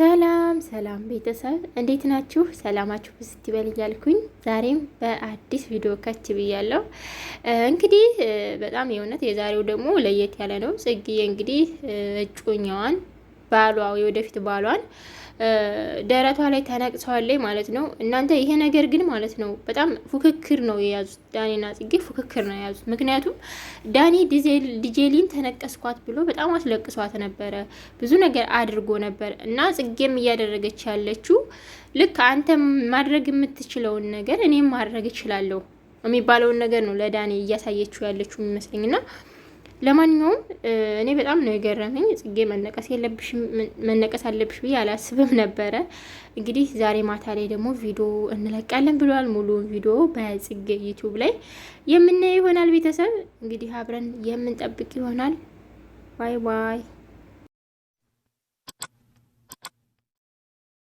ሰላም ሰላም ቤተሰብ እንዴት ናችሁ? ሰላማችሁ ብስት ይበል እያልኩኝ ዛሬም በአዲስ ቪዲዮ ከች ብያለሁ። እንግዲህ በጣም የእውነት የዛሬው ደግሞ ለየት ያለ ነው። ጽጌ እንግዲህ እጮኛዋን ባሏ የወደፊት ባሏን ደረቷ ላይ ተነቅሰዋለች ማለት ነው። እናንተ ይሄ ነገር ግን ማለት ነው በጣም ፉክክር ነው የያዙት ዳኒና ጽጌ ፉክክር ነው የያዙት። ምክንያቱም ዳኒ ዲጄሊን ተነቀስኳት ብሎ በጣም አስለቅሷት ነበረ፣ ብዙ ነገር አድርጎ ነበር እና ጽጌም እያደረገች ያለችው ልክ አንተ ማድረግ የምትችለውን ነገር እኔም ማድረግ እችላለሁ የሚባለውን ነገር ነው ለዳኒ እያሳየችው ያለችው የሚመስለኝና ለማንኛውም እኔ በጣም ነው የገረመኝ። ጽጌ መነቀስ የለብሽ መነቀስ አለብሽ ብዬ አላስብም ነበረ። እንግዲህ ዛሬ ማታ ላይ ደግሞ ቪዲዮ እንለቃለን ብለዋል። ሙሉውን ቪዲዮ በጽጌ ዩቱብ ላይ የምናየው ይሆናል። ቤተሰብ እንግዲህ አብረን የምንጠብቅ ይሆናል። ባይ ባይ